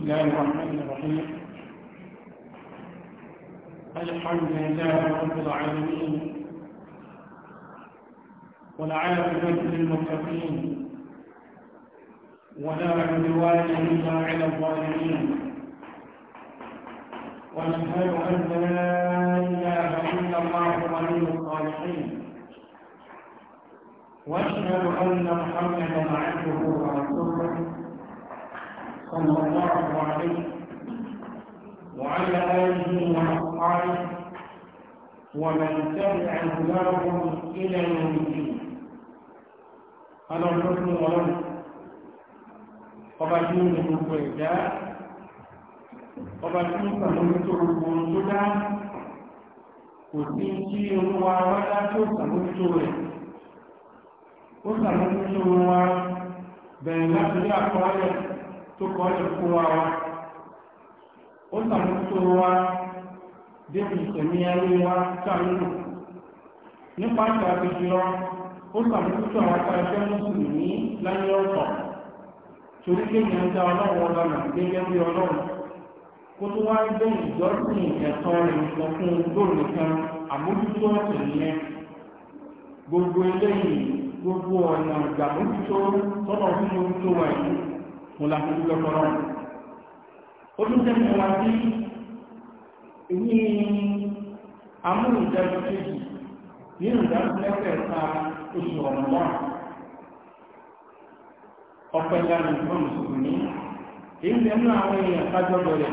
الله الرحمن الرحيم الحمد لله رب العالمين والعاقبة للمتقين ولا عدوان إلا على الظالمين ونشهد أن لا إله إلا الله ولي الصالحين واشهد أن محمدا عبده ورسوله صلى الله عليه وعلى آله وأصحابه ومن تبع هداهم إلى يوم الدين أنا الحسن ولم وبعدين من الجاء وبعدين فهمت الوجود وتنشي ولا تسمت له ó sàmójútó wa bẹ̀rẹ̀ láti rí àkọọ́lẹ̀ tó kọ́ lè kó wa wá ó sàmúso wa débi ìsẹ̀mí ayé wa sàmúlò nípa ìgbà àbíjú lọ àwọn mùsùlùmí láyé ọ̀tọ̀ torí dá gẹ́gẹ́ bí ọlọ́run kó tó wá gbé ìjọsìn ẹ̀tọ́ rẹ̀ fún gbòòrò nìkan àmójútó ọ̀sẹ̀ nìyẹn gbogbo eléyìí gbogbo ọ̀nà ìgbàmójútó fún tó wà yìí mo la fi dúpẹ́ fọlọ́ ó tún jẹ́ mi wá sí ìwé amúlùdájú kejì nínú ìdásílẹ́kẹ̀ẹ́ta oṣù ọ̀nà wà ọpẹ́ lẹ́nu ìfọ́n mùsùlùmí èyí lẹ́nu àwọn èèyàn kájọ bẹ̀rẹ̀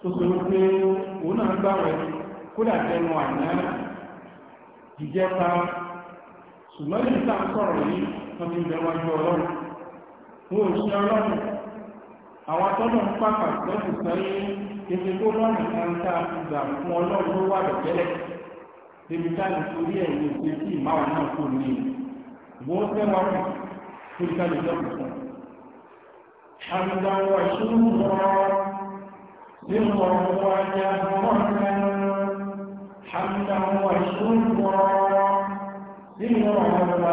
tó sọ wípé òun náà gbàwẹ̀ kódà tẹnu àná jíjẹ́ pa ṣùgbọ́n wo òṣìṣẹ́ ọlọ́run àwọn awa ń pàpà lọ́sùn sáyé kéde kó lọ́nà kan tá a ti gbà fún ọlọ́run ló wà lọ́tẹ́lẹ̀ débi táyà torí ẹ̀ ní oṣù tí ìmáwá náà kò ní wọ́n fẹ́ wá kù tó ní káyọ̀ lọ́kùn fún. àgbàwọ̀ ìṣòro lọ́wọ́ nínú ọ̀rọ̀ wa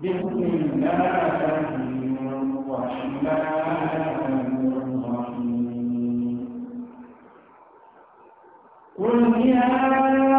بسم الله الرحمن الرحيم قل يا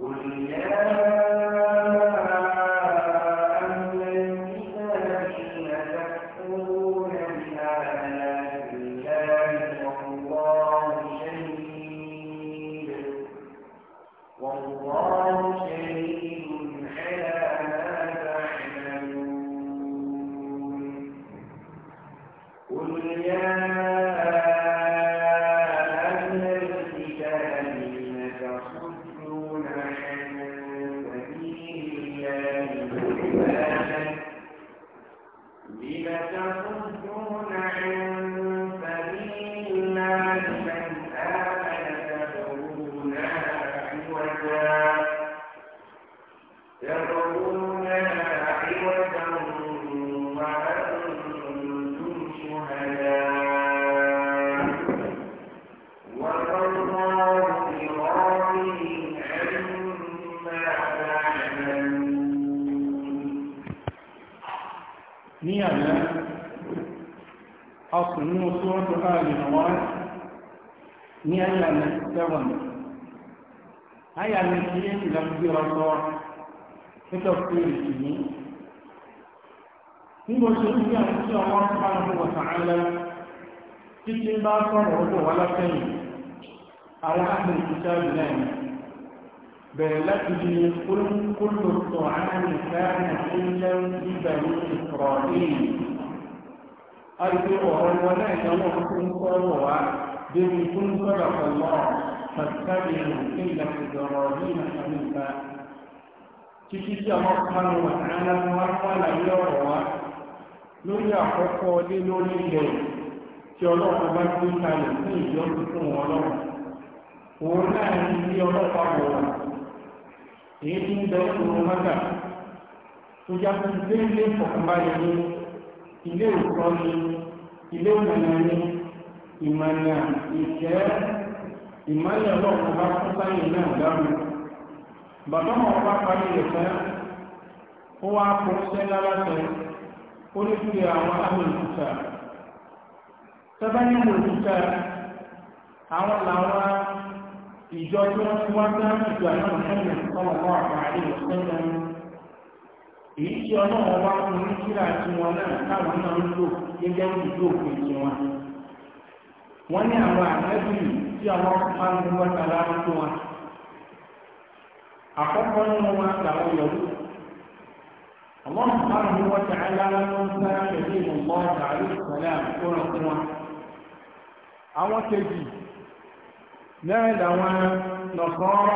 òní به كل كل الطعام كان حلا لبني اسرائيل ارجوها ولا يمركم صلوا به كن صدق الله فاتبعوا الا ابراهيم حنيفا تشيكي الله سبحانه وتعالى مرحبا لليوم لولي اخوكو دي لولي لي tí ọlọ́pàá bá gbé kalẹ̀ ولو ìjọ tuntun ọlọ́run òun èyí tí ń bẹ òru mọ́gà tó já fún pé ile ìfọ̀kànbalẹ̀ ni ilé ìkọ́ ni ilé ìmọ̀nà ni ìmọ̀nà ìṣẹ́ anyị na bá fún sáyẹn náà dáhùn bàbá wọn bá parí rẹ̀ fẹ́ ó wá kó ìjọ tí wọ́n ti wá sáà ìjọ àná mọ̀hánà sọ́wọ́ àwọn àárín ìṣẹ́lẹ̀ èyí tí ọlọ́run wá fún ní kíra tí wọn náà táwọn náà ń lò gẹ́gẹ́ bí ìlú òfin wọn. wọ́n ní àwọn tí àwọn tó wọn. àkọ́kọ́ nínú wọn yọ̀wù. àwọn sára náà làwọn nọ̀kọ́rọ́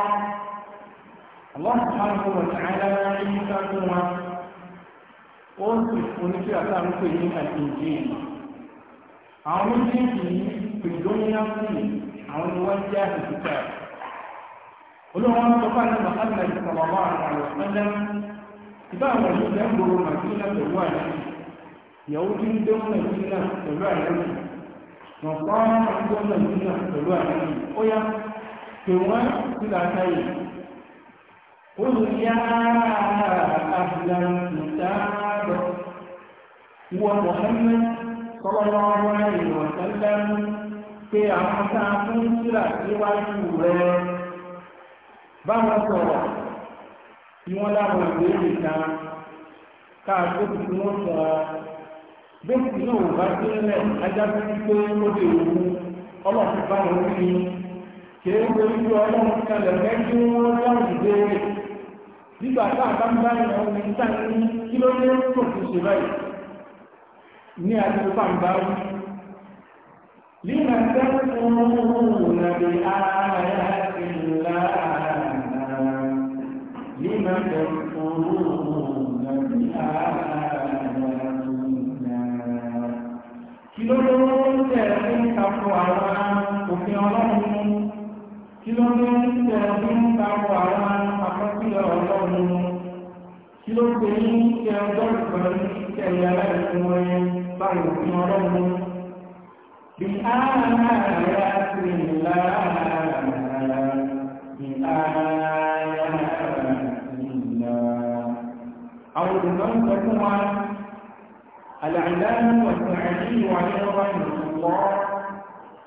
ọlọ́pàá wọn tààlà ní sáfún wọn ó sì oníṣẹ́ àtàwọn pè ní àtìjì àwọn méjèèjì yìí predominantly àwọn ni wọ́n jẹ́ àtìjìká olóòwò tó bá ní bàtàlẹ̀ ìsọ̀rọ̀mọ́ àwọn ìyàwó tí ń dẹ́wọ́n nàìjíríà pẹ̀lú àyẹ̀wò nàfọ́n àjọ́nà nínà pẹ̀lú àárín ó yá pè wọ́n sílá táyì ó lù yá àbìlànìtààrọ̀ Muhammad sallallahu alaihi wa sallam pé àwọn sáà fún sílá níwájú rẹ̀ báwọn bẹ́ẹ̀ni náà bá délẹ̀ ajáfẹ́ pé ó lè wú ọlọ́run bá wọn rí ni kìí wo ojú ọlọ́run kalẹ̀ mẹ́jú wọn dáhùn ìbéèrè nígbà tá a bá ń bá ìrìn àwọn ìta ní kí ló dé kò tó ṣe báyìí ní àdúgbò bá ń bá wí. Lílà sẹ́kùn ònàbí ààrẹ ìlà ààrẹ lílà sẹ́kùn ònàbí ààrẹ. takò kí ló ní tẹ̀ fi ń takò àwọn àkọsílẹ̀ ọlọ́run kí ló pè ní tẹ ọjọ́ ìpẹ̀lú tẹ̀lé aláìsàn wọn báyìí òfin ọlọ́run bí a máa rẹ̀ á sí ìlànà أو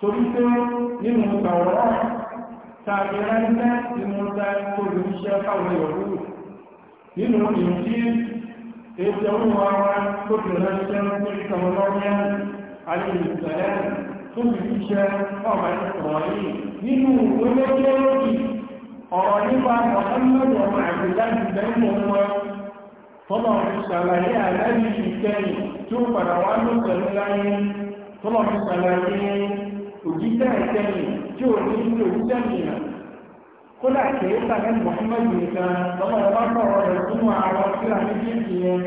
torí pé nínú ìgbàwọ́rọ́ tàbí ránṣẹ́ ìmúta olùṣẹ́ fáwọn tó fi ránṣẹ́ ní ìtàwọ́lọ́rẹ́ alìsẹ̀lẹ̀ nínú olóògbé ọ̀rọ̀ nípa ọ̀sánmọ́dọ̀ ọmọ àgbèjáde lẹ́yìn wọn tọ́lọ̀ fi ṣàlàyé àlẹ́yìn tí ó padà wá lóṣèlú láyé tọ́lọ̀ fi òjíṣẹ́ ìsẹ́yìn tí ò ní ní òjíṣẹ́ mìíràn kódà kìí sàkẹ́ mọ̀húnmẹ́jì nìkan lọ́mọ ẹ̀rọ sọ̀rọ̀ rẹ̀ sínú àwọn síra méjèèjì yẹn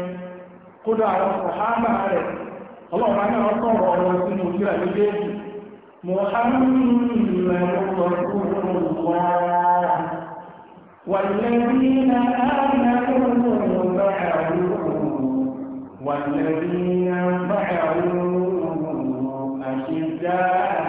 kódà àwọn sàhábà rẹ̀ ọlọ́ọ̀bá náà sọ̀rọ̀ ọ̀rọ̀ sínú síra méjèèjì والذين آمنوا معه والذين معه أشداء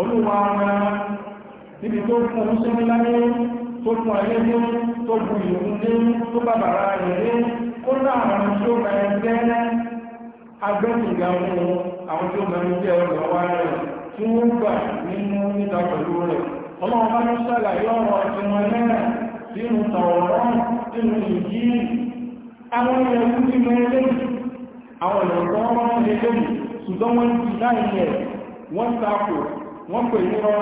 Olúwa ara níbi tó fún oúnjẹ láyé tó fún ayé ní tó bú ìrùn ní tó bá bàrá rẹ̀ kó láàrín tí ó bá ẹgbẹ́ agbẹ́sìnga mú àwọn tí ó jẹ́ rẹ̀ tí wọ́n gbà nínú pẹ̀lú rẹ̀. nínú tàwọ̀rán nínú ìjí àwọn ẹ̀rù ti mọ eléyìí àwọn ẹ̀rọ wọn eléyìí ṣùgbọ́n wọ́n ti láì yẹ wọ́n tako wọ́n pè ní ọ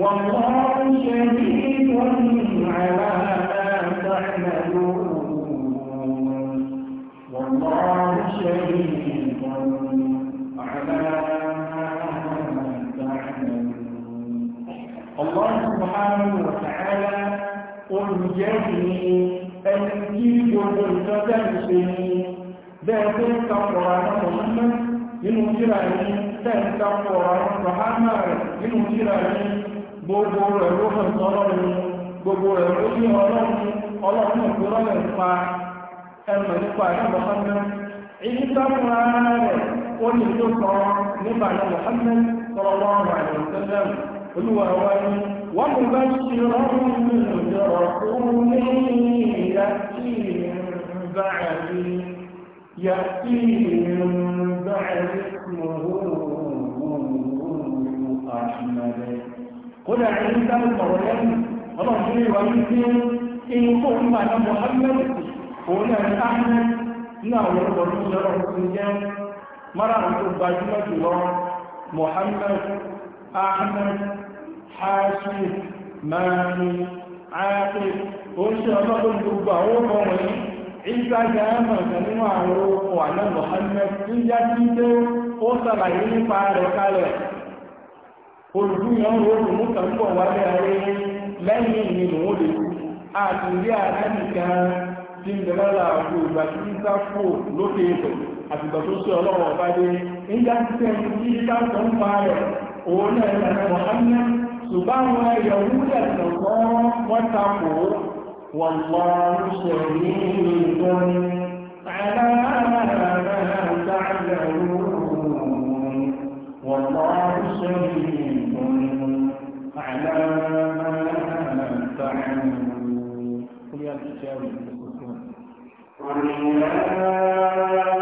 wọ́n wọ́n ṣe bí wọ́n ní àìlá والله شريك على الله olùjẹ́ ni ẹni tí gbogbo ìtọ́jẹ́ ìṣe ni bẹ́ẹ̀ tó ń tapọ̀ àwọn ọmọ nínú jíra ní bẹ́ẹ̀ ń tapọ̀ àwọn ọmọ rẹ̀ nínú jíra ní gbogbo rẹ̀ ló hàn sọ́lọ́run gbogbo rẹ̀ ló ní ọlọ́run ọlọ́run ìgbọ́lọ́lẹ̀ nípa ẹnu nípa ẹ̀rọ mọ̀hánmẹ́ èyí táwọn ará rẹ̀ ó ní tó sọ nípa ẹ̀rọ mọ̀hánmẹ́ sọ́lọ́run àìsẹ́lẹ̀ olúwa wáyé ومبشرا برسول يأتي من بعدي يأتي من بعد اسمه أحمد قل عيسى المريم رجل ومثل إن قم على محمد هنا أحمد نعم ومبشرا بالجنة مرة تبجمة الله محمد أحمد ṣáṣí máàrí ààrẹ oúnjẹ ọlọ́pùn gbogbo àwọn ọmọ wọ̀nyí ìgbàgbà ẹ̀mọ̀ta nínú àwọn orúkọ àná Muhammad ń já sí pé ó sàlàyé nípa rẹ̀ kalẹ̀ olùdúyàn oòrùn mú kàn bọ̀ wálé ayé lẹ́yìn ìrìn òun ṣùgbọ́n àwọn ẹ̀yàwó lẹ̀sẹ̀ kan wọ́n takò wọ́n lọ ṣe ní ìgbọ́n Thank you.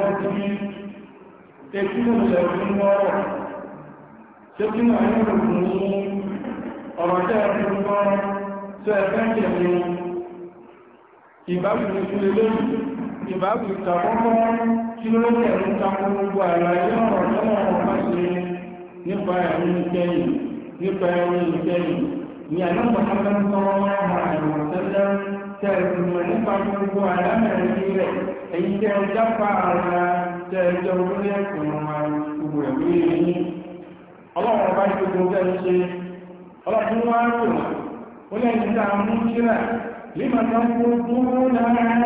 rántí tẹ́kínú lẹ́gbùn mọ́rọ̀ tẹ́kínú ayẹ́rùn ní ọ̀rọ̀ tẹ́ẹ̀kùn mọ́rọ̀ tó ẹ̀fẹ́ tẹ̀lé ìbáwùn ìfúnlélé ìbáwùn ìtàkọ́kọ́ kí ló tẹ̀lé takọ́ gbogbo àlàyé ọ̀rọ̀ tọ́lọ̀ ọ̀pá sí nípa ẹ̀rin ìkẹyìn ni àná Muhammad sallallahu alaihi wasallam tẹ̀sùn mọ̀ nípa gbogbo àlámẹ̀rí rẹ̀ èyí tẹ́ ẹ dápa ara tẹ́ ẹ jẹ́ orí ẹ̀sùn ọmọ gbogbo ẹ̀ lórí ẹ̀yìn ọlọ́run bá ṣe gbogbo ẹ̀ ṣe ọlọ́run wá rò ó lẹ́yìn tá a mú síra لما تقولون عن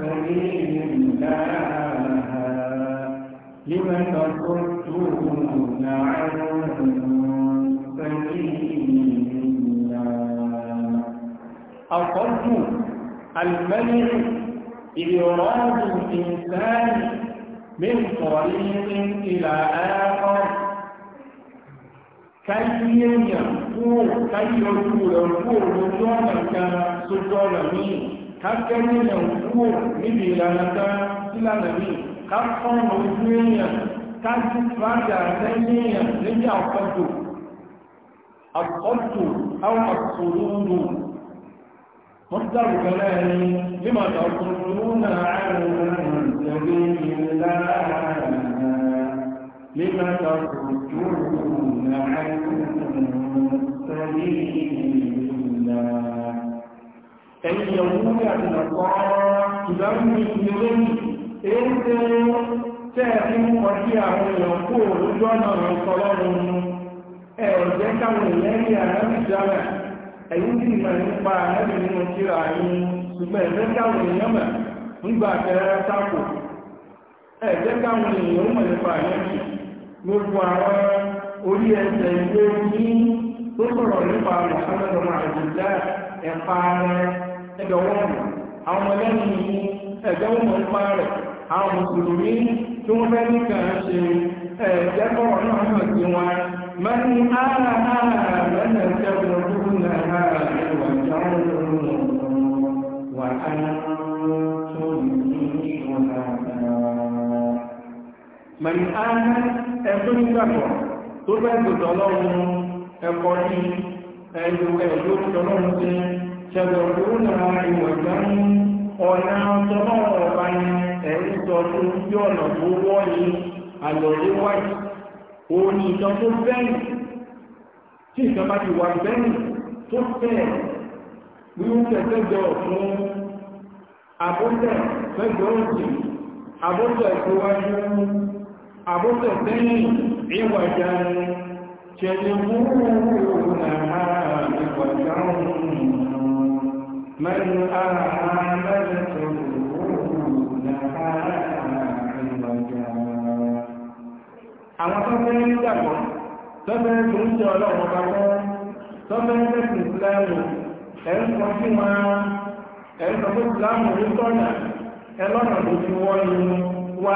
سبيل الله لما تقولون عن سبيل الله القلب المنع إيراد الإنسان من طريق إلى آخر كي يكون كي يكون يكون سجونا كان سجونا مين كي يكون مبلانا سلانا مين كفن وجويا كي تفادى سنيا لجا القلب القلب أو الصدور مصدر كلامي لما تصدون عن سبيل الله لما تصدون عن سبيل الله أي يهود النصارى تدمر إليه إذ تأتي وحياه يقول جنر صلاة أعزك من الله أمسنا ẹ̀yin sì mọ̀ nípa ànábì nínú kíra yín ṣùgbọ́n ẹ̀fẹ́ káwọn èèyàn mọ̀ nígbà tẹ́rẹ́ sápò ẹ̀fẹ́ káwọn èèyàn mọ̀ nípa ànábì gbogbo àwọn orí ẹsẹ̀ ìwé yín tó sọ̀rọ̀ nípa Muhammad ọmọ àjùlá ẹ̀fà rẹ̀ ẹ̀dọ̀ wọn àwọn ọlẹ́yìn yìí ẹ̀jẹ̀ wọn mọ̀ nípa rẹ̀ àwọn mùsùlùmí tí wọ́n fẹ́ ní kàn ṣe ẹ̀jẹ̀ من آمن تبغونها وتعلمون وأنتم شهداء من آمن ẹ̀kọ́ nígbàgbọ́ tó bẹ́ẹ̀ tó tọ́lọ́run ẹ̀kọ́ ní ẹ̀lú ẹ̀lú tọ́lọ́run sí ṣẹlọ̀kúrún náà ìwọ̀jọ́ ní ọ̀nà tọ́lọ́run ọ̀bá ní ẹ̀rí sọ tó yọ̀nà tó wọ́ ní àlọ́ríwájú òun ni ìtàn tó bẹ́yìn tí ìtàn bá ti wà bẹ́yìn tó tẹ̀ wíwúkẹ̀ fẹ́jọ fún àbúkẹ̀ fẹ́jọ òsì àbúkẹ̀ tó wájú àbúkẹ̀ sẹ́yìn ìwàjá ṣẹlẹ̀ múrùn-ún àárá ìwàjá من آمنته نهاره àwọn tó fẹ́ nígbàgbọ́ tó fẹ́ tó ń jẹ ọlọ́run ọba wọn tó fẹ́ tẹ̀sìn ìsìláàmù ẹ̀ ń sọ sí wọn ẹ̀ ìsìláàmù ní tọ́nà tó fi wọ́n ni wà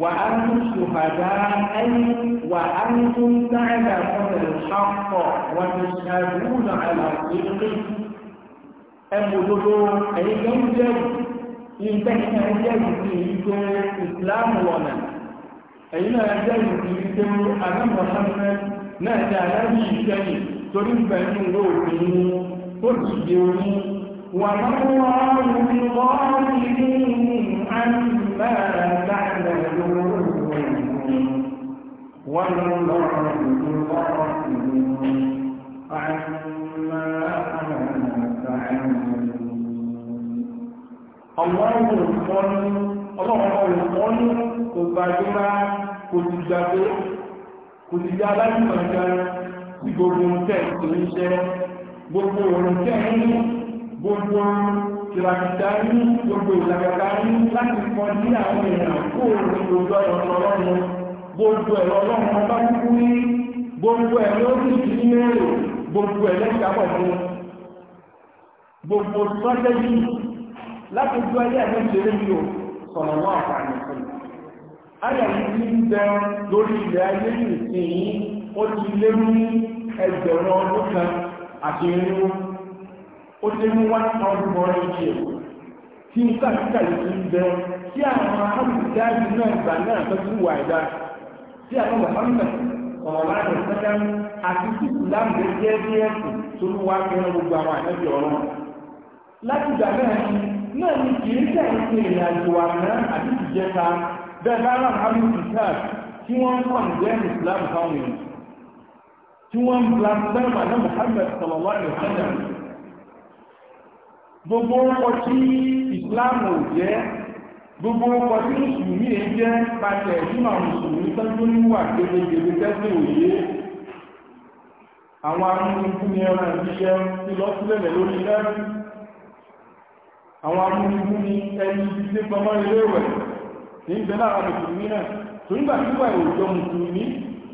وأنتم شهداء وأنتم تعلمون الحق وتشهدون على صدقه ẹmọdodo ẹyin ló ń jẹrù yìí tẹyin náà jẹrù sí i pé islam wọnà ẹyin náà jẹrù sí i pé anamọsánmẹ náà jẹ aláàbí ìṣẹyìn torí bẹ́ẹ̀ ní òfin tó ti di oní وما الله بغافل عما تعملون والله بغافل عما تعملون الله القادر ọlọ́pàá olùkọ́ ní kò gbàjúmá kò ti jàgbé kò ti jẹ́ aláìmọ̀já sí gbogbo tẹ́ẹ̀tì oníṣẹ́ gbogbo òrùn tẹ́ẹ̀ gbogbo kìlàkìtà ní gbogbo ìlàkàtà ní láti kọ ní àwọn èèyàn kó ní gbogbo ẹ̀rọ ọlọ́run gbogbo ẹ̀rọ ọlọ́run ọba kúkú ní gbogbo ẹ̀rọ oríṣi ní èrò gbogbo ẹ̀rọ ìjábọ̀ fún gbogbo sọ́jẹ́jì láti gbọ́ ayé ẹ̀rọ ìṣeré mi ò sọ̀rọ̀ wọn àǹfààní fún ayé yìí ti ń bẹ lórí ilẹ̀ ayé ìsìn yìí ó ti lé ní ẹgbẹ̀rún ọdún kan àti irínwó ó lé ní one thousand one hundred tí ń sàkíkà yìí ń bẹ tí àwọn amúdájú náà gbà náà tó ti wà ẹ̀dá tí àwọn mọ̀hámà ọ̀rọ̀ láti sẹ́dá àti títù láàmú jẹ́ bí ẹ̀sìn tó ń wá kẹ́rẹ́ gbogbo àwọn àtẹ́bí ọ̀rọ̀ láti ìgbà náà ni náà ni kì í sẹ́ ìpè ìrìn àjò àná àti ìjẹta bẹ́ẹ̀ bá ràn ámì ìtàk tí wọ́n ń kàn jẹ́ ìsìlámù fáwọn èèyàn tí wọ́n ń bla sẹ́rù àná mọ̀hámà sọ̀rọ̀ wá ìrìn gbogbo ọkọ̀ tí ìsìláàmù jẹ́ gbogbo ọkọ̀ tí mùsùlùmí èyí jẹ́ pàtẹ ìsúnà mùsùlùmí tọ́jú níwà gbẹgbẹgbẹ tẹ́sẹ̀ òye àwọn amúnikú ni ẹran ìbíṣẹ́ tí lọ sílẹ̀ lórí lẹ́rú àwọn amúnikú ni ẹni ilé pọmọ́ ilé rẹ̀ ní ìgbẹ́ lára mùsùlùmí náà tó nígbà tí wà ìwòjọ mùsùlùmí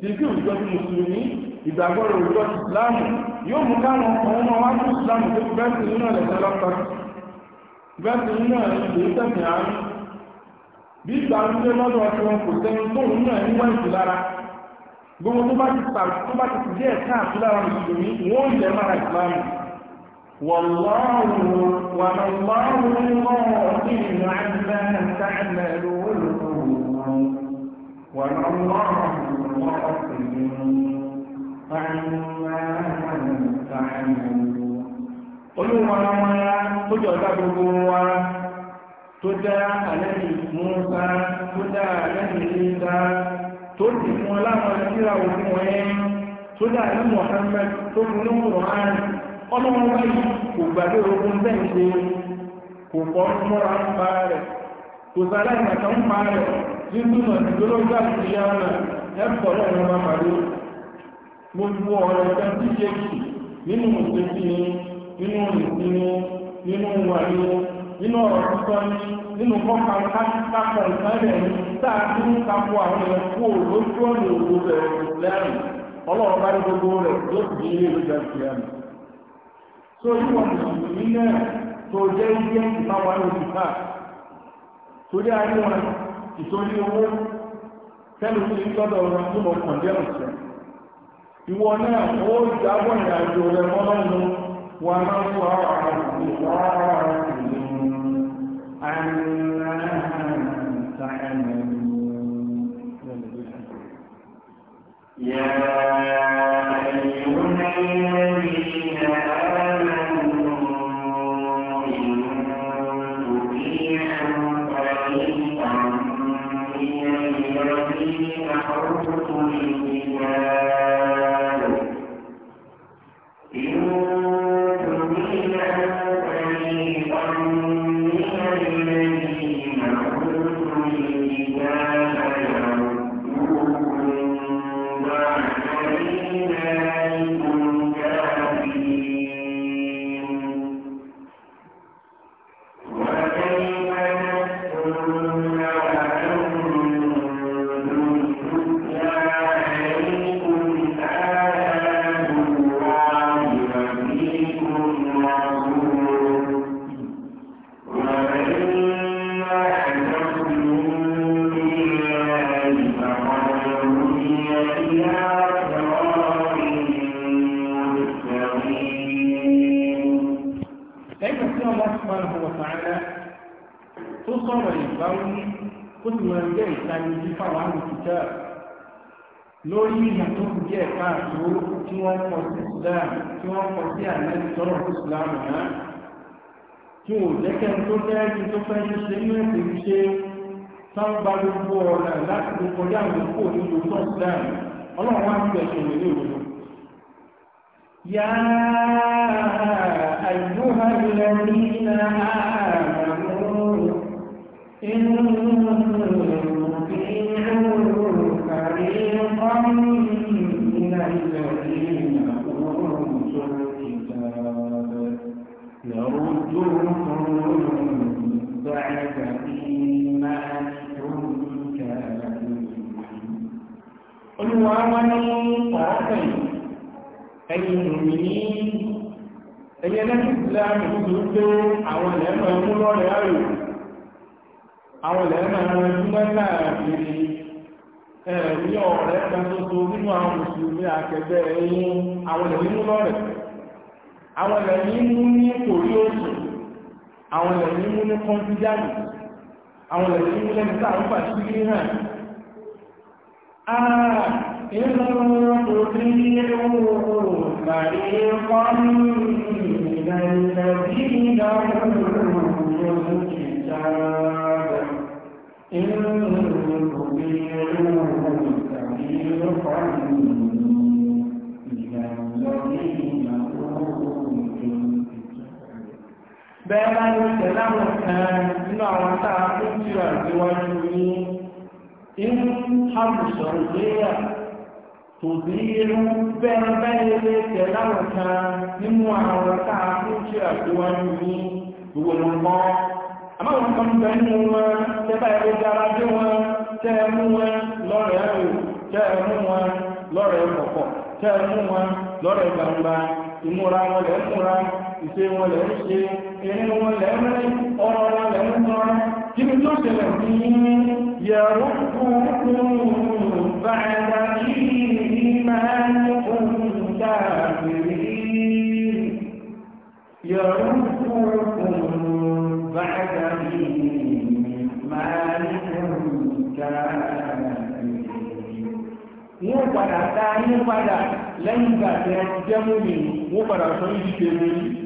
tí kí òjò mùsùlùmí ìgbàgbọ́rọ̀ ìjọ ìsìláàmù yóò mú káwọn ọmọ wá ní ìsìláàmù tó bẹ́ẹ̀sì nínú ẹ̀lẹ́sẹ̀ lọ́pàá bẹ́ẹ̀sì nínú ẹ̀lẹ́sẹ̀ tẹ̀sì àárín bí ìgbàlódé lọ́dọ̀ ọtí wọn kò sẹ́ni tó ń náà olúwa wọn tó jọ dá gbogbo wa tó dá àlẹ́yìn mọ́sá tó dá àlẹ́yìn ìlẹ́ta tó ti fún láwọn ìlera òfin wọ́n tó dá àlẹ́yìn Muhammad tó fún ní Qur'an ọlọ́run báyìí kò gbàgbé ogun bẹ́ẹ̀ ṣe kò fọ́ mọ́ra ń pa rẹ̀ kò sálẹ̀ ìgbàkan gbogbo ọ̀rọ̀ ẹ̀ka tí yẹ kì nínú ìṣesí ni nínú ìsìn nínú ọrụ nínú ọ̀rọ̀ títọ́ ni nínú kọ́ka kápọ̀ ìsẹ́lẹ̀ ni táà tí ń kapọ̀ àwọn èèyàn kú lójú ọ̀nà òwò gbogbo rẹ̀ yóò sì ní ìwọ náà ó jábọ̀ ìrìnàjò rẹ mọ́lọ́nu wà náà wà Yeah. tó fẹ́ ṣe ṣe ní ẹ̀sẹ̀ ń ṣe sáńgbà gbogbo ọ̀nà láti lè kọjá àwọn kò ní ìlú sọ́ọ̀sán ọlọ́run wá ń bẹ̀ṣẹ̀ rẹ̀ ní òun يا أيها الذين آمنوا إن تطيعوا فريقا من الذين أوتوا الكتاب يردوكم بعد إيمانكم كافرون قل وأمنوا طرفين أي المؤمنين ẹ̀yẹ lẹ́yìn islam tó pé àwọn ẹ̀lẹ́mọ̀ ẹ̀mú lọ́rẹ̀ ayò àwọn ẹ̀lẹ́mọ̀ ẹ̀mọ̀ ẹ̀mọ̀ láàrin ẹ̀rí ọ̀rẹ́ kan nínú àwọn mùsùlùmí akẹgbẹ́ ẹ̀yìn àwọn ẹ̀mú lọ́rẹ̀ àwọn ìwọ̀nyí mú ní kọ́nfíjáàmù àwọn ìwọ̀nyí mú lẹ́nu sáà rúfà sí ilé hàn ara ah, inú obìnrin òòrùn pàdé kọ́nù ìrìnàjì ìdáhùn òòrùn ìjáàbẹ̀ inú bẹ́ẹ̀ bá ní tẹ̀lé àwọn kan nínú àwọn tá a kó tìrà síwájú ní inú àmùsọ̀ ìgbéyà tò sí irú bẹ́ẹ̀ bẹ́ẹ̀ lé tẹ̀lé àwọn kan nínú àwọn tá a ìṣe wọn lẹ̀ ń ṣe irin wọn lẹ̀ ń rìn ọ̀rọ̀ wọn lẹ̀ ń tọrọ kí ni tó ṣẹlẹ̀ sí yẹ̀rọ kúrún bàbá yìí wọ́n padà dáa ní padà lẹ́yìn ìgbà tí wọ́n jẹ́ mú wọ́n padà sọ ìdíje lórí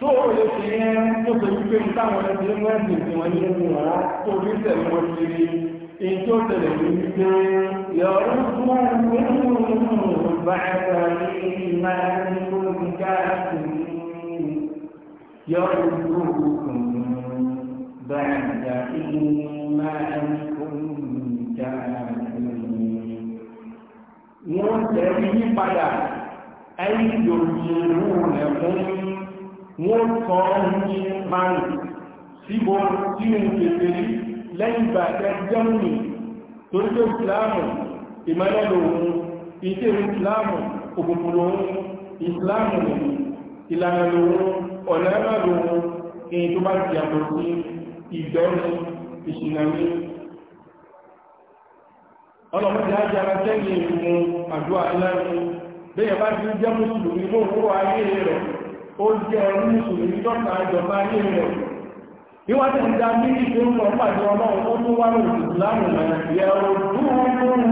tó o lè fi yẹn tó ṣe wípé táwọn ẹni tí wọ́n ti fi wọn yé wọn rárá tó fi tẹ̀lé wọn kiri èyí tó tẹ̀lé ní wípé yọ̀rọ̀ tó wà nínú bàtà ní máa ń gbóni káàkiri yọ̀rọ̀ tó kùn bàtà ní máa ń gbóni káàkiri. wọ́n tẹ̀lé yípadà ẹ̀yìn yòókù rẹ̀ fún mi wọ́n sọ ní márùn síbò tí ó ń pèsè rí lẹ́yìn ìgbà jẹ́mùnì tó tó ìsìláàmù ìmọ́lẹ̀ lòun ìṣe ìsìláàmù òkùnkùn lòun ìsìláàmù nìyí ìlànà lòun ọ̀nà ẹ̀rọ lòun èyí tó bá ti yàtọ̀ sí ìgbẹ́ni ìṣìnàmí ọlọ́mọdé á ó jẹ́ ẹrú mùsùlùmí tọ́ta ìjọba ayé rẹ̀ ìwà tí ń da méjì tó ń lọ pàdé ọlọ́run ó tún wá lòdì ìsìlámù náà yẹ ojú ọlọ́run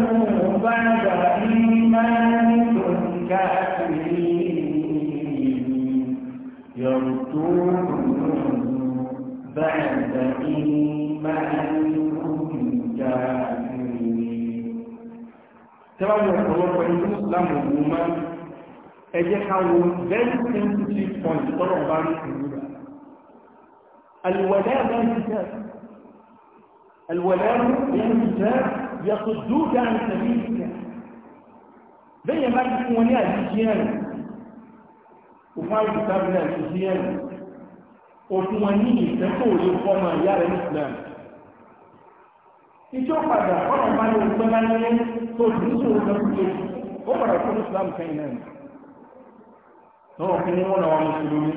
bá ń gbà ní máa ń tó ń káàkiri يردونهم بعد إيمانهم كافرين. ترى يقولون فإن الإسلام هما ẹ jẹ́ ká wo very sensitive point tọ́rọ̀ bá rí ìlú rẹ̀ الولاء لا انتهاء الولاء لا انتهاء يصدوك عن سبيل الله زي ما يكون لها الجيان وفاي كتاب لها الجيان òfin wọn ní ìfẹ́kọ̀ òye fọ́mọ ìyá rẹ̀ ní islam ìjọ padà ọ̀nà máa ń lọ pẹ́ máa ń lé náà fi ní wọ́n náà wọn mùsùlùmí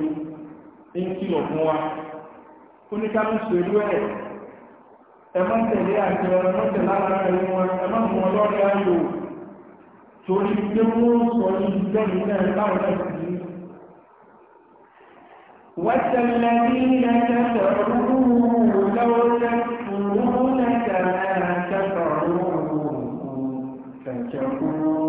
ń kìlọ̀ fún wa ó ní ká mùsùlùmí ẹ̀ ẹ tẹ̀lé àti ọ̀rọ̀ má tẹ̀lé ara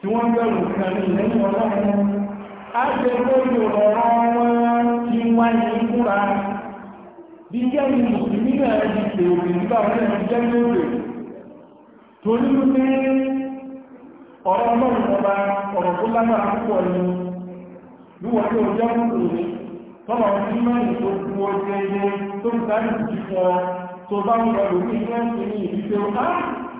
tí wọ́n bẹ̀rù kan lẹ́yìn ọlọ́run á jẹ lórí ọ̀rọ̀ wọn tí wọ́n ní kúra bí jẹ́ ní mùsùlùmí náà di tèèrè nígbà wọn náà jẹ́ lórí torí pé ọ̀rọ̀ ọlọ́run ọba ọ̀rọ̀ tó lágbára púpọ̀ ni bí wọ́n tó jẹ́ mùsùlùmí tọ́lọ̀ ní mẹ́rin tó kú ó jẹ́ ilé tó ń sáré jù fún tó bá ń lọ lórí ilé ẹ̀sìn ní ìdíje ó ah,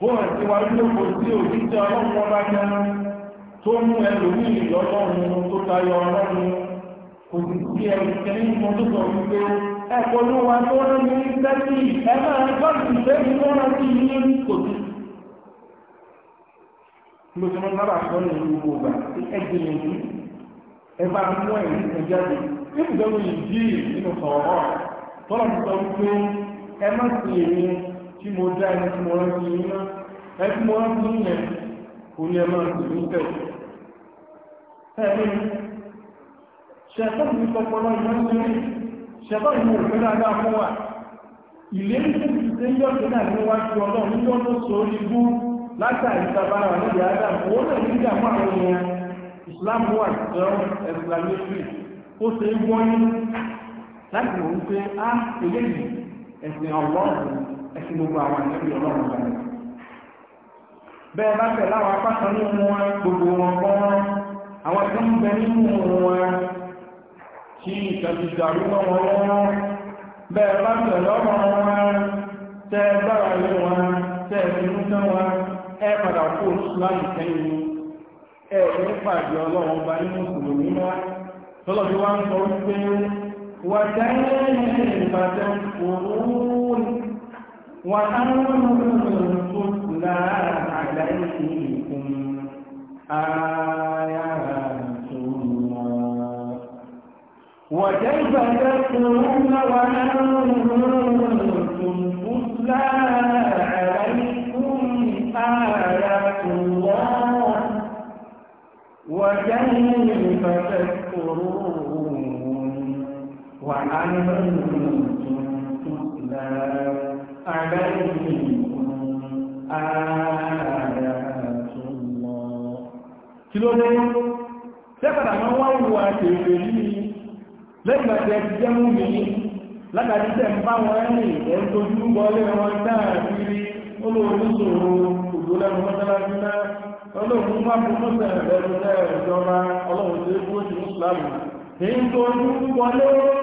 O hàn sí wa wípé kò sí òjíṣẹ́ ọlọ́run ọba jẹ́ tó mú ẹlòmíì lọ́lọ́run tó tayọ ọlọ́run kò sì sí tó wípé ẹ̀kọ́ ló tó rán mi ní mi tó rán sí ní mo ti mọ sábà sọ ní ìlú ọgbà ẹgbẹ́ mi ní ẹ bá mú ẹ̀rí yìí jí nínú sọ̀rọ̀ tí mo dá ẹni tí mo rántí yín mọ́ ẹni tí mo rántí yín yẹn kò ní ẹ máa tì mí tẹ̀. ẹ̀mí ṣẹ̀tọ́ mi sọpọlọ ìmọ̀sílẹ̀ ṣẹ̀tọ́ ìmọ̀ òfin dáadáa fún wa ìlérí tó ti ṣe ń yọ̀ sí náà níwájú ọlọ́run ní ọdún sórí bú látàrí ìtabára wà níbi àdá owó náà ní ìdá fún àwọn ènìyàn Islam wà jẹun ẹ̀sìlámẹ́sì ó ṣe é wọ́n láti mọ̀ wípé á ah, eléyìí ẹ̀sìn ọ̀wọ́ ọ̀hún ẹ̀sìn gbogbo àwọn àti ọlọ́run lọ bẹ́ẹ̀ bá tẹ̀ láwọn apá kan nínú wọn gbogbo wọn kọ́ wọn àwọn tó ń bẹ nínú wọn tí ìtọ́jú dàrú mọ́ wọn lọ́wọ́ bẹ́ẹ̀ bá tẹ̀ lọ́rọ̀ wọn tẹ́ gbára lé wọn tẹ́ ìlú tán wọn ẹ padà kó ìsìláàmù kẹ́yìn ẹ ní pàdé ọlọ́run bá nínú mùsùlùmí wọn tọ́lọ́bí wá ń sọ wípé wàtẹ́yìn ìbàdàn òun وأنتم لا عليكم آيات الله وكيف تكفرون وأنتم وأنتم تتلى عليكم آيات الله kílódé sẹ́kàtà máa wá ìwà tèrè yìí lẹ́gbà tẹ́ ti jẹ́ mú mi látàrí tẹ́ ń bá wọn ní ẹ̀ẹ́dójú wọlé wọn náà rírí olóòrùsòrò ògbólẹ́nu mọ́sálásí náà ọlọ́run má fún mọ́sẹ̀ ẹ̀rọ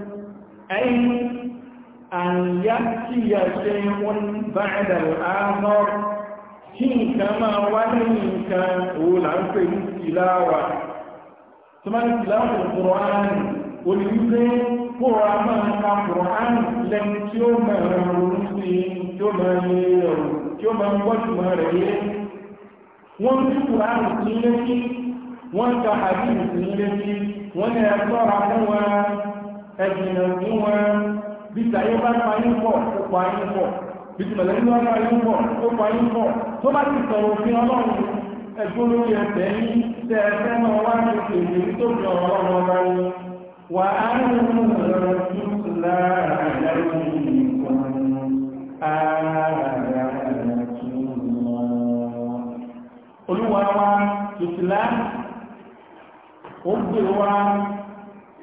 أي أن يأتي شيء بعد الآخر kí nǹkan máa wá lẹ́yìn nǹkan òun là ń pè ní tìláwà tó máa ń tìláwà kùrọ̀ánì olùwípé kóra máa ka kùrọ̀ánì lẹ́nu tí ó máa ronú sí tí ó máa yẹ ẹ̀rù tí ó máa gbọ́ jùmọ̀ rẹ̀ yé wọ́n ń kùrọ̀ánì sí létí wọ́n ń ka àdìsí létí wọ́n ní ẹ̀ sọ́ra fún wa ẹ̀gbìyànjú wọn bí tàyé bá pa yín pọ̀ ó pa yín pọ̀ bí tìmọ̀lẹ́ ní wọn pa yín pọ̀ ó pa yín pọ̀ tó bá ti sọ̀rọ̀ òfin ọlọ́run ẹ̀gbọ́n lórí ẹ̀fẹ́ yín tẹ ẹ̀fẹ́ náà wá ní èdè tó fi ọ̀rọ̀ ọmọ ọba yín wà á ní ọ̀rọ̀ tó lára àyàwó nìkan ara olúwa wa ìsìlá ó gbé wa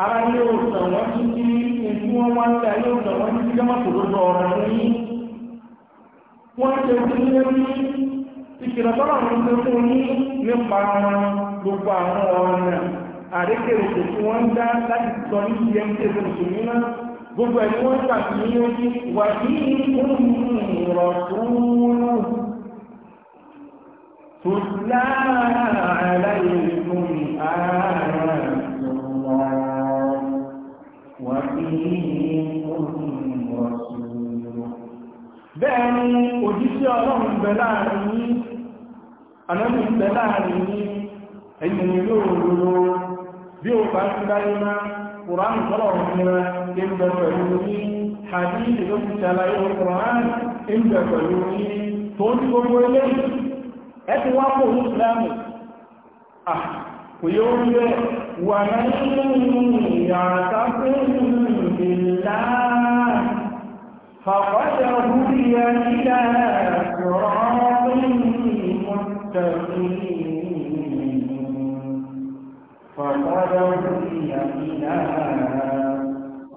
ara ní òsàn wọ́n tún tí ẹkú wọn wá ń tẹ́ yóò sàn wọ́n tún tí gẹ́mà tòlótò ọ̀rọ̀ ní wọ́n ṣe ojú ní ẹbí ìkìlọ̀ tọ́lọ̀ ń ṣe fún ní nípa gbogbo àwọn ọ̀nà àrékèrè tó tí wọ́n ń dá láti sọ ní cmt mùsùlùmí náà gbogbo ẹni wọ́n ṣàfihàn ní wà ní ìrọ̀tún تتلى عليكم آيات الله bẹ́ẹ̀ ni òjíṣẹ́ ọlọ́run bẹ láàrin yí ànábì ń bẹ láàrin yí bí o bá ti láyé máa kùránì tọ́lọ̀ òmìnira pẹ̀lú ní ti ṣàlàyé pẹ̀lú ní tó ومن يعتصم بالله فقد هدي إلى صراط مستقيم فقد هدي إلى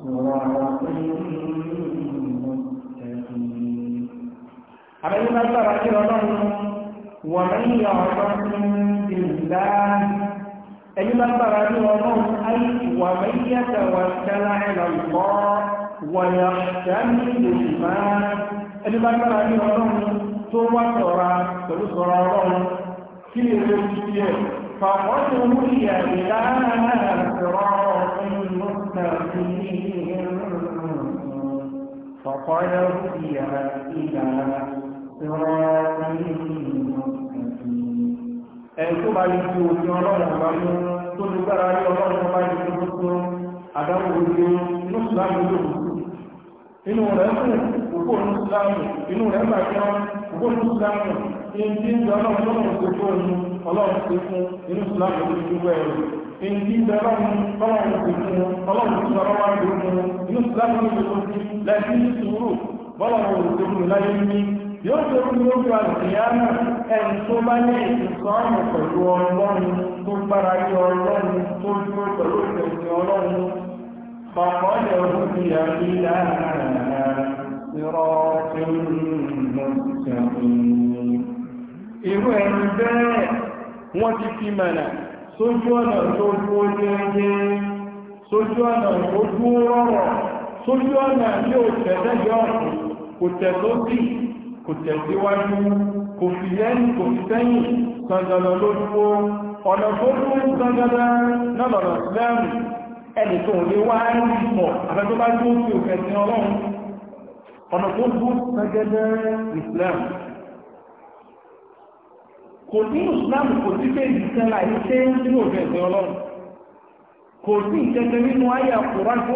صراط مستقيم أبي ما ومن يعتصم بالله ẹni bá gbára ní ọlọ́run ayé wà mẹ́yẹ́ta wà tẹ́lá ẹ̀là lọ́ wọ̀nyà tẹ́lá lòdì máa ẹni bá gbára ní ọlọ́run tó wá sọ̀ra pẹ̀lú sọ̀ra ọlọ́run kí lè lè fi tiẹ̀ fàkọ́tù wúyà ìlànà àṣírọ́ فقد هدي إلى صراط مستقيم ẹni tó bá lè fi òfin ọlọ́run ọba mú tó lè gbára lé ọlọ́run ọba yìí tó tó tó àdáwò ojú inú sùlámù ló kù inú rẹ̀ kù òkú ònú sùlámù inú rẹ̀ bàjẹ́ òkú ònú sùlámù ẹni tí ń bẹ ọlọ́run tó tó ònú ọlọ́run tó fún inú sùlámù ló ti wẹ̀ ẹ̀rù ẹni tí ń bẹ ọlọ́run tó fún ọlọ́run tó fún ọlọ́run tó fún yóò tó kú lójú àlùkìyàmù ẹni tó bá ní ìsọ́ọ̀mù pẹ̀lú ọlọ́run tó gbára lé ọlọ́run tó dúró pẹ̀lú ìpẹ̀sìn ọlọ́run pàpọ̀ lẹ̀ ọdún ti àbí lánàá ìrọ̀ tí ó ń irú ẹni bẹ́ẹ̀ wọ́n ti fi mẹ̀nà sójú ọ̀nà tó dúró jẹ́jẹ́ sójú ọ̀nà tó dúró rọrọ̀ sójú ọ̀nà yóò tẹ̀lẹ́gbẹ̀ ọ̀pọ̀ kò tẹ̀ tó kò tẹ̀síwájú kò fi lẹ́yìn kò fi sẹ́yìn sọ̀dọ̀dọ̀ lójúwó ẹni tó lè wá rí pọ̀ bá tó fi òfin ọlọ́run ọ̀nà tó Islam kò sí Islam kò sí pé ìsẹ́lá nínú ọlọ́run kò sí nínú ayé àkùrá tó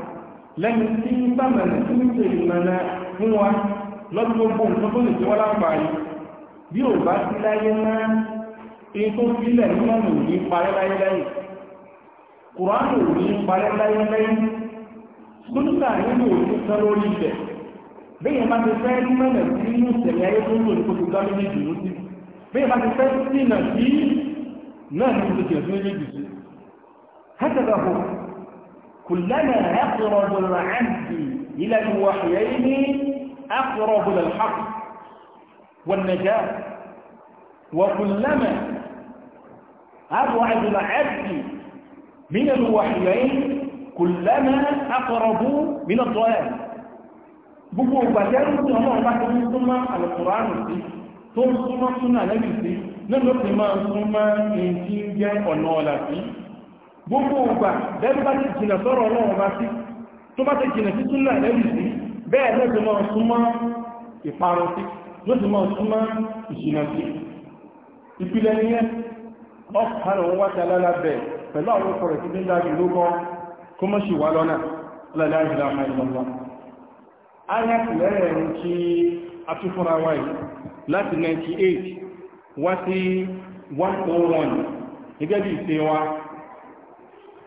lẹ́nu tí sámẹ̀lì tí ń ṣe ìmọ̀nà fún wa lọ́dún gbogbo tó lè ṣe wá láǹfààní bí ò bá sí láyé máa in tó lẹ́yìn kùránù lẹ́yìn nínú lórí bẹ́yẹn bá ti fẹ́ ayé tó ń lò ní kókò ní ìdùnnú sí bẹ́yẹn bá ti fẹ́ sí ìnà náà ní kókò كلما أقرب العبد إلى الوحيين أقرب الى الحق والنجاة وكلما أبعد العبد من الوحيين كلما أقرب من الضلال بقوا بدل الله بعد من ثم على القرآن ثم ثم ثم نبي ثم نبي ثم ثم ثم ثم ثم ثم ثم gbogbo ògbà lẹ́nu bá ti jìnà sọ́rọ̀ ọlọ́run bá sí tó bá ti jìnà sí súnà lẹ́nu sí bẹ́ẹ̀ ló ti máa súnmọ́ ìparun sí ló ti máa súnmọ́ ìṣìnà sí ìpìlẹ̀ ní ẹ́ ọkùnrin òun wáta lálábẹ̀ pẹ̀lú àwọn ọkọ̀ rẹ̀ ti dín dájú lókọ́ kó mọ́ sí wà lọ́nà lọ́lá ìlà máa ìlọ́lá ayá tìlẹ́rẹ̀ a tún fúnra wá yìí láti 98 wá sí 101 gẹ́gẹ́ bí ìṣe wa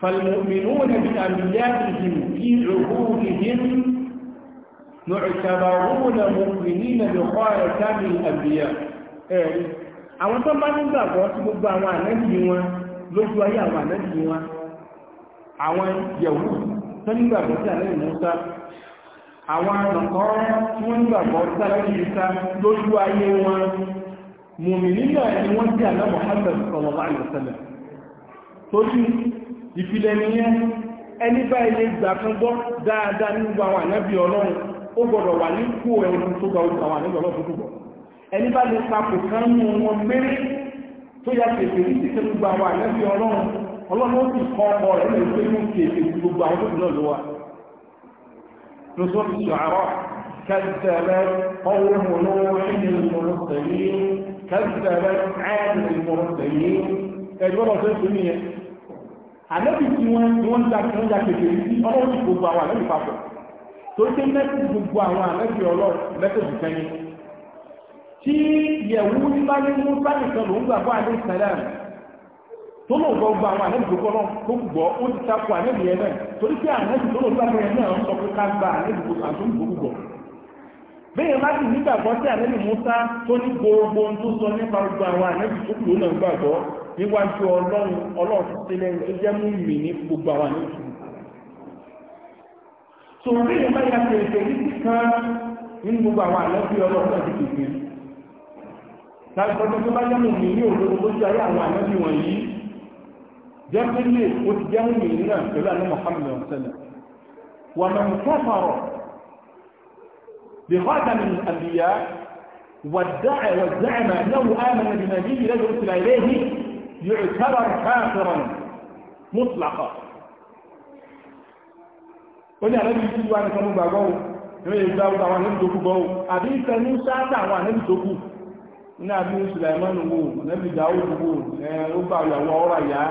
فالمؤمنون بأنبيائهم في عهودهم معتبرون مؤمنين بخاتم الأنبياء àwọn tó bá nígbàgbọ́ tí gbogbo àwọn ànábì wọn lójú ayé àwọn ànábì wọn àwọn yẹ̀wù tó nígbàgbọ́ tí ànábì Mùsá àwọn ànàkọ́ tí wọ́n nígbàgbọ́ tí ànábì Ìsá lójú ayé wọn mùmìnínà ìfilẹ̀ nìyẹn ẹni báyìí lè gbà fún gbọ́ dáadáa ní gbogbo àwọn ànábì ọlọ́run ó gbọ́dọ̀ wà ní kú ẹ̀rùn tó gba ogun àwọn ànábì ọlọ́run tó gbọ́ ẹni bá lè papò kan mú wọn mérè tó yà kèfè ní ti sẹ́nu gba àwọn ànábì ọlọ́run ọlọ́run ó sì kọ́ ọkọ rẹ̀ lè gbé mú kèfè gbogbo àwọn tó náà ló wà lọ́sọ́ọ̀tì ṣọ̀rọ̀ kẹ́sẹ̀rẹ̀ ọwọ́ mọ̀lọ́wọ́ ẹni mọ̀lọ́ tẹ̀lé àlẹ́bì tí wọ́n ní wọ́n dá kí wọ́n ya kèfè yìí sí ọlọ́run ti gbogbo àwọn àlẹ́bì papọ̀ tó dé mẹ́tò gbogbo àwọn àlẹ́bì ọlọ́run mẹ́tò dùkẹ́ ni tí yẹ̀wú nígbà ní mú sáyẹ̀sán ló ń gbàgbọ́ àlẹ́ ìsẹ̀lẹ̀ tó lò gbọ́ gbọ́ àwọn àlẹ́bì tó kọ́lọ́ tó gbọ́ ó ti takò àlẹ́bì yẹn náà torí pé àlẹ́bì tó lò gbàgbọ́ yẹn náà sọ pé ká gba àlẹ́bì tó kà tó ń gbogbo bẹ́ẹ̀ má sì nígbàgbọ́ sí àlẹ́bì Mùsá tó ní gbogbo ohun tó sọ nípa gbogbo àwọn àlẹ́bì tó kù lónà níwájú ọlọ́run ọlọ́run ti sílẹ̀ tó jẹ́ mú mi ní gbogbo àwọn àlejò tó rí ìmọ̀ ìyá kèrèkè yìí kan nínú gbogbo àwọn àlọ́bí ọlọ́run náà ti kèké láti ọdún tó bá jẹ́ mú mi ní òdodo tó jẹ́ ayé àwọn àlọ́bí wọ̀nyí jẹ́ pé lè o ti jẹ́ mú mi náà pẹ̀lú àná Muhammad ọ̀sẹ̀lẹ̀ wà mọ̀ nǹkan fọ̀rọ̀ bí họ́ọ̀dà mi àbíyá wà dáẹ̀ يعتبر كافرا مطلقا ó ní àlẹ́bí tí wá nìkan mú gbàgbọ́ o ní ìgbà ọgbà àwọn àlẹ́bí tó kú gbọ́ o àbí ìfẹ́ ní sáàtà àwọn àlẹ́bí tó kù ní àbí sùlẹ̀mọ́nù wo àlẹ́bí ìdáwó gbogbo ó bá ìyàwó ọ̀rọ̀ àyà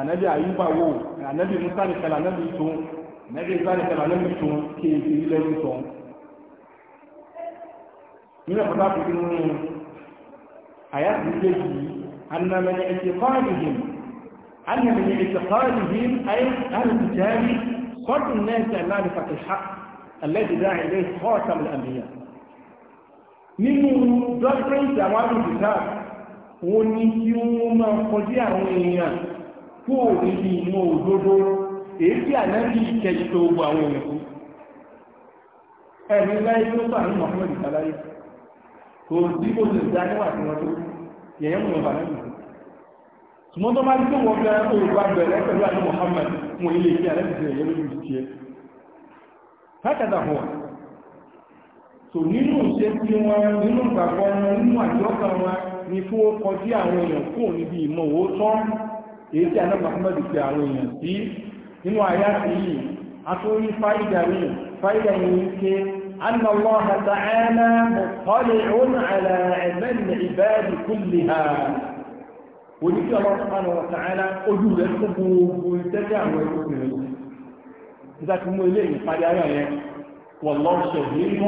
àlẹ́bí àyípa wo àlẹ́bí musa nìkan àlẹ́bí tó àlẹ́bí ìgbà nìkan àlẹ́bí tó kéèké ilẹ̀ ń sọ. nílẹ̀ pátá fi nínú àyà ti dé yìí أن من اعتقادهم أن من اعتقادهم أي أهل الكتاب صد الناس عن معرفة الحق الذي دعا إليه خاتم الأنبياء nínú dọ́kítẹ́ǹtì àwọn àdùbìtà wọn ni kí wọ́n máa kọjú àwọn èèyàn kó níbi ìmọ̀ òdodo èyí tí ànábì ìkẹjì tó gbogbo àwọn èèyàn kú ẹ̀mí láyé tó bá ní Muhammad ìsàlàyé kò sí bó ṣe dá níwà tí wọ́n tó kú yẹ̀yẹ́ mú ọba lẹ́nu ṣùgbọ́n tó máa ń tó wọ́n gan olùgbà bẹ̀rẹ̀ pẹ̀lú àti Muhammad mú ilé ìfẹ́ alẹ́ ìfẹ́ yẹ̀yẹ́ lójú ti tiẹ̀ kákàtà hùwà tò nínú tí nínú ìgbàgbọ́ wọn nínú wọn ni fún ó àwọn èèyàn níbi ìmọ̀ òótọ́ èyí tí Muhammad fi àwọn èèyàn sí nínú àyà sí yìí a tó rí fáìdà yìí أن الله تعالى مطلع على عمل عباد كلها ونجي الله سبحانه وتعالى أجود الحبوب ويتجع ويؤمن إذا كنت إليه قال يا والله شهيد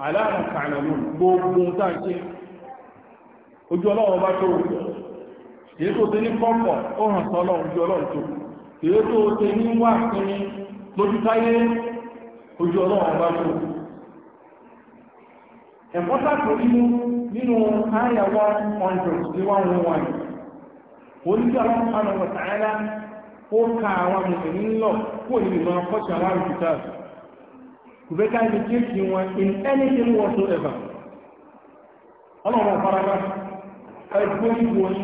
على ما تعملون gbogbo táà ṣe ojú ọlọ́run bá tó èyí tó ti ní pọ́pọ̀ ó hàn sọ́lọ́run ojú ọlọ́run tó èyí tó ní wà sí ní lójútáyé ojú ọlọ́run bá tó ẹ̀kọ́ sáàtò nínú nínú àyà 100 sí 101 oníjọ́ àwọn ọmọ tààlá ó ka àwọn mùsùlùmí lọ kó ìlú máa kọ́ṣà láàrín kìtà kò fẹ́ ká ní kéèkì wọn in anything whatsoever ọlọ́run faraba ẹgbẹ́ ìgbò ní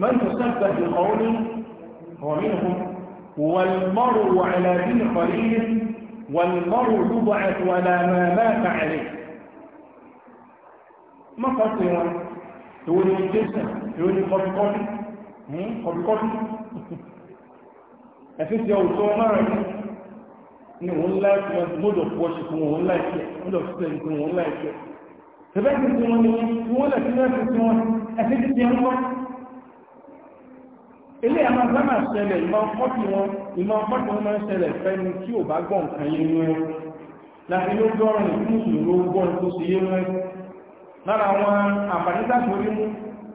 mẹ́ta sáàtà ìkọ̀ọ́lẹ́ ọ̀mìnirun wàlmọ́rù wà ìlàdí والمرء يبعث ولا ما مات عليه ما قصر يقول الجسم يقول قبل قبل قبل قبل أفيس يا وصوما نقول لك مدف وشك مهول لك مدف سنك مهول لك فبقى تسوى مني ولا تسوى تسوى أفيس يا وصوما ilé ẹ̀ma sábà ṣẹlẹ̀ ìmọ̀ ọ̀pọ̀tì wọn ìmọ̀ ọ̀pọ̀tì wọn máa ń ṣẹlẹ̀ fẹ́ni tí ò bá gbọ́ nǹkan yé ní ẹ láti ló dọ́rùn ìfún ìṣòro gbọ́ tó ṣe yé ní ẹ lára àwọn àǹfààní láti orí mú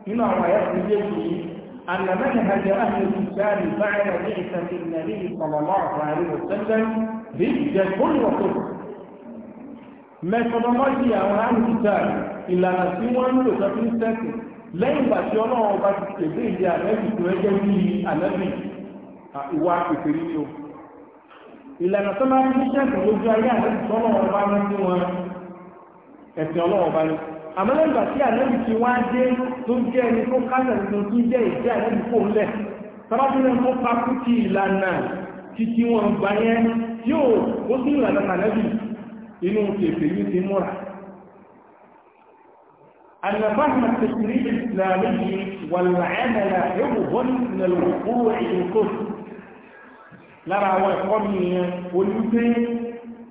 nínú àwọn àyà tó yé kì í ànàmẹ́ni hajj ahmed ìṣáàlì báyìí ní ìsàkì ìnàlí ìsọ̀lọ̀lọ́ àfààní òṣèlú bí ìjẹ́ kólúwọ̀tò mẹtọdọmọ́jì àwọn àrùn ìṣáàlì ìlànà tí wọ́n ń lẹ́yìn ìgbà tí ọlọ́run ọba ti tẹ̀lé ìdí ànẹ́bì tó ẹgbẹ́ bí ànẹ́bì ìwà pèpè ní o ìlànà tó máa ń ní sẹ́ẹ̀kì lójú ayé ànẹ́bì tó ọlọ́run ọba ní fún wọn ẹ̀sìn ọlọ́run ọba ní àmọ́ lẹ́yìn ìgbà tí ti wá dé tó jẹ́ ẹni tó tuntun jẹ́ ìdí kò lẹ̀ ti ìlànà títí wọn gbà yẹn أن فهم التشريع الإسلامي والعمل حفظ من الوقوع الكفر lára àwọn ẹ̀kọ́ mi yẹn olùgbé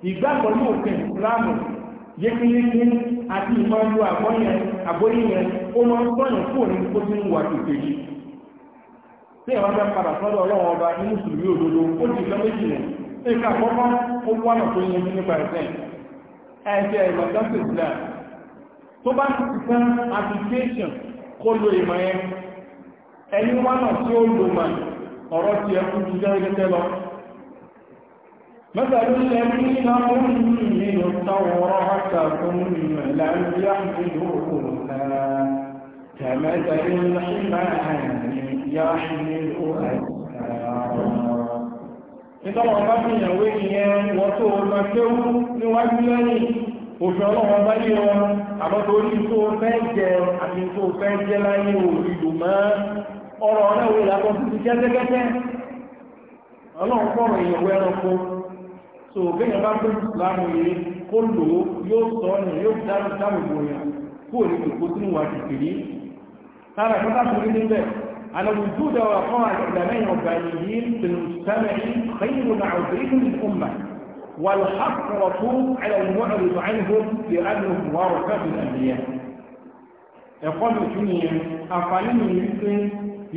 ìgbàgbọ́ ní òfin ìsìláàmù yékéyéké àti ìmọ̀lú àgbóyé yẹn ó máa ń tọ́yìn fún òní tó ti ń wà tètè yìí tí ẹ̀wọ́n fẹ́ padà sọ́dọ̀ ọlọ́wọ́ ọba ní mùsùlùmí òdodo ó ti lọ méjì rẹ̀ ẹ̀ka àkọ́kọ́ ó wọ́n tó yẹn nípa ẹ̀sẹ̀ ẹ̀sẹ̀ ìmọ̀tọ́sí ìsìláàmù tó bá ti ti tán application kó lo ìmọ̀ yẹn ẹni wọ́n náà tí ó lò mà ọ̀rọ̀ ti ẹkú ju gẹ́gẹ́ lọ مثل الذين حملوا التوراة ثم لم يحملوها كمثل الحمار يحمل أسفارا nítorí ọba fi ìyàwó ìyẹn wọ́n tó ọmọ kéwú níwájú lẹ́yìn òfin ọlọ́wọ́ bá yé wọn àmọ́ torí tó fẹ́ jẹ àti tó fẹ́ jẹ láyé òòrùn ìlú mọ́ ọ̀rọ̀ náà wò yàtọ̀ sí ti kẹ́tẹ́kẹ́tẹ́ ọlọ́run fọ́rọ̀ ìyẹ̀wò ẹranko so gẹ́yìn bá fún ìsìlámù yìí kó lò ó yóò sọ ọ́nà yóò dáhùn sáwọn ìgbòyàn kó ní kòkó sínú wa kìkìrí والحسرة على المعرض عنهم لأنهم ورثة الأنبياء ẹ̀kọ́ mi tún ni àǹfààní mi ní pé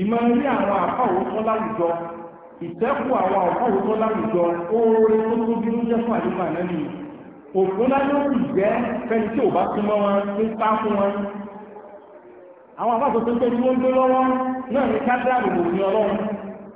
ìmọ̀ ní ìtẹ́kù àwọn oore tó ló jẹ́ fún òfin fẹ́ni tí ò bá súnmọ́ wọn ní fún wọn àwọn tó ń gbé lọ́wọ́ náà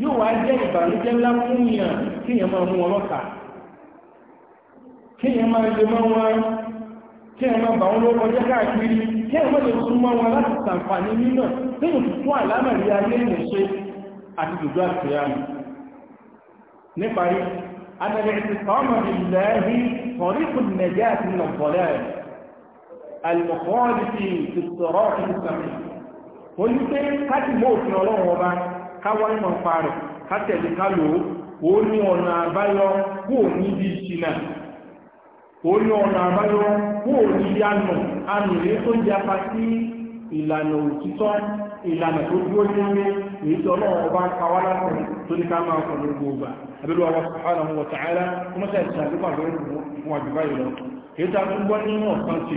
yóò wá jẹ́ ìbànújẹ́ ńlá fún yàn kí yàn máa mú wọn lọ́ta kí yàn máa lè mọ́ wọn kí yàn máa bà wọn lórúkọ jẹ́ káàkiri kí yàn máa lè sún mọ́ wọn láti sàǹfààní nínà tí yàn tún àlámà rí ayé ìmọ̀ṣe àti dòdó àtìyàmù níparí adàlẹ̀ ìsìnkọ́mọ̀ ìlẹ́rí طريق النجاة من الضلال المخالف في الصراط المستقيم قلت قد موت الله káwá ìmọ̀ pa rẹ̀ kátẹ̀lé kálò ó ní ọ̀nà àbáyọ kó o ní bí ìṣìnà ó ní ọ̀nà àbáyọ kó o ní bí ànà ànà èyí tó jẹ́ apá sí ìlànà òtítọ́ ìlànà tó dúró nílé èyí tó náà ọba káwá lásán tó ní ká máa kọ̀ ní gbogbo àbẹ́lú ọba subhanahu wa ta'ala kó fún èyí tó a tún gbọ́ nínú ọ̀sán tì